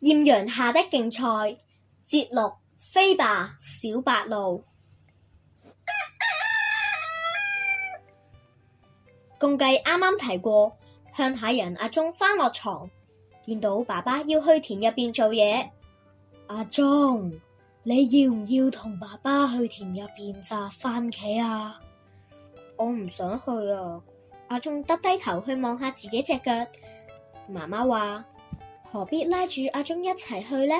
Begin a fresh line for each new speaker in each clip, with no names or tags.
艷陽下的競賽，節錄《飛吧小白鷺》。共計啱啱提過，鄉下人阿忠翻落床，見到爸爸要去田入邊做嘢。阿忠，你要唔要同爸爸去田入邊摘番茄啊？我唔想去啊！阿忠耷低頭去望下自己隻腳，媽媽話，何必拉住阿鍾一齊去呢？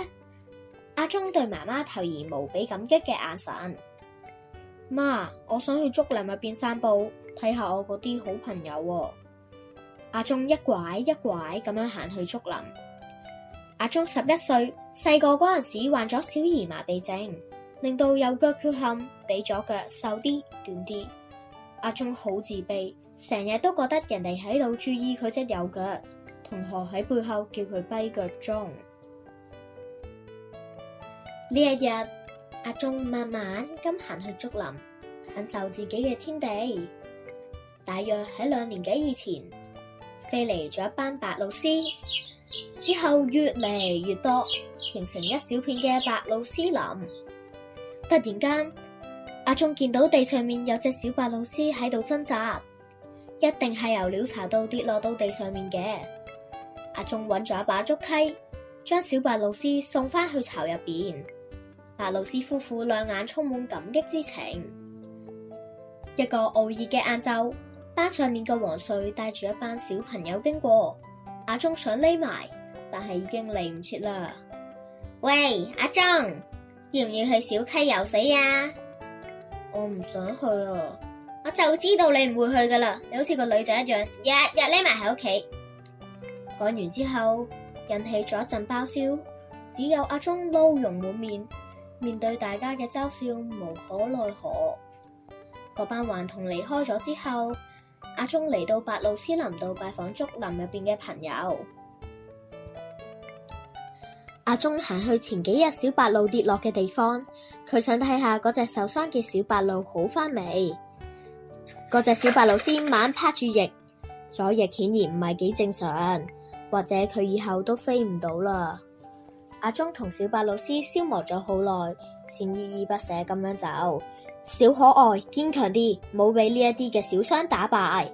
阿鍾對媽媽投以無比感激嘅眼神。媽，我想去竹林入邊散步，睇下我嗰啲好朋友哦。阿鍾一拐一拐咁樣行去竹林。阿鍾十一歲，細個嗰陣時患咗小兒麻痹症，令到右腳缺陷，比左腳瘦啲、短啲。阿鍾好自卑，成日都覺得人哋喺度注意佢隻右腳。同學喺背後叫佢跛腳鐘。呢一日，阿鐘慢慢咁行去竹林，享受自己嘅天地。大約喺兩年幾以前，飛嚟咗一班白鷺鷥，之後越嚟越多，形成一小片嘅白鷺鷥林。突然間，阿鐘見到地上面有隻小白鷺鷥喺度掙扎，一定係由鳥巢度跌落到地上面嘅。阿忠揾咗一把竹梯，將小白老師送翻去巢入邊。白老師夫婦兩眼充滿感激之情。一個燠熱嘅晏晝，班上面嘅黃帥帶住一班小朋友經過，阿忠想匿埋，但係已經嚟唔切啦。喂，阿忠，要唔要去小溪游水呀？我唔想去啊！我就知道你唔會去㗎喇，你好似個女仔一樣，日日匿埋喺屋企。講完之後，引起咗一陣爆笑，只有阿忠嬲容滿面，面對大家嘅嘲笑，無可奈何。嗰班頑童離開咗之後，阿忠嚟到白鷺森林度拜訪竹林入邊嘅朋友。阿忠行去前幾日小白鷺跌落嘅地方，佢想睇下嗰隻受傷嘅小白鷺好翻未。嗰隻小白鷺先猛拍住翼，左翼顯然唔係幾正常。或者佢以後都飛唔到啦。阿鍾同小白老師消磨咗好耐，先依依不捨咁樣走。小可愛，堅強啲，唔好俾呢一啲嘅小傷打敗。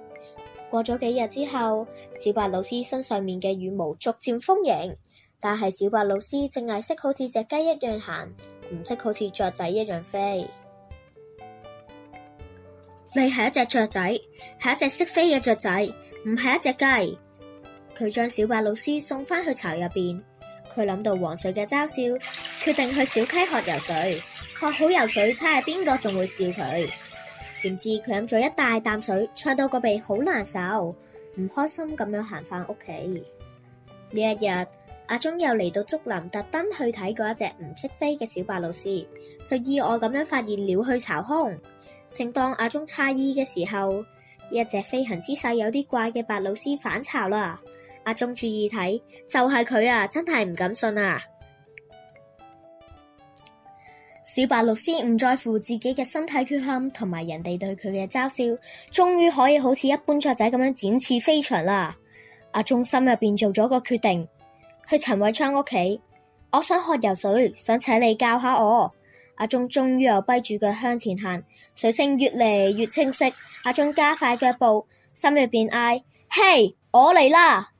過咗幾日之後，小白老師身上面嘅羽毛逐漸豐盈，但係小白老師淨係識好似隻雞一樣行，唔識好似雀仔一樣飛。你係一隻雀仔，係一隻識飛嘅雀仔，唔係一隻雞。佢將小白鷺送翻去巢入邊，佢諗到黃水嘅嘲笑，決定去小溪學游水，學好游水，睇下邊個仲會笑佢。點知佢飲咗一大啖水，吹到個鼻好難受，唔開心咁樣行翻屋企。呢一日，阿忠又嚟到竹林，特登去睇嗰一隻唔識飛嘅小白鷺，就意外咁樣發現鳥去巢空。正當阿忠詫異嘅時候，一隻飛行姿勢有啲怪嘅白鷺返巢啦。阿忠注意睇，就係佢啊！真係唔敢信啊！小白鷺唔在乎自己嘅身體缺陷，同埋人哋對佢嘅嘲笑，終於可以好似一般雀仔咁樣展翅飛翔啦！阿忠心入邊做咗個決定，去陳偉昌屋企。我想學游水，想請你教下我。阿忠終於又跛住腳向前行，水聲越嚟越清晰。阿忠加快腳步，心入邊嗌：嘿，我嚟啦！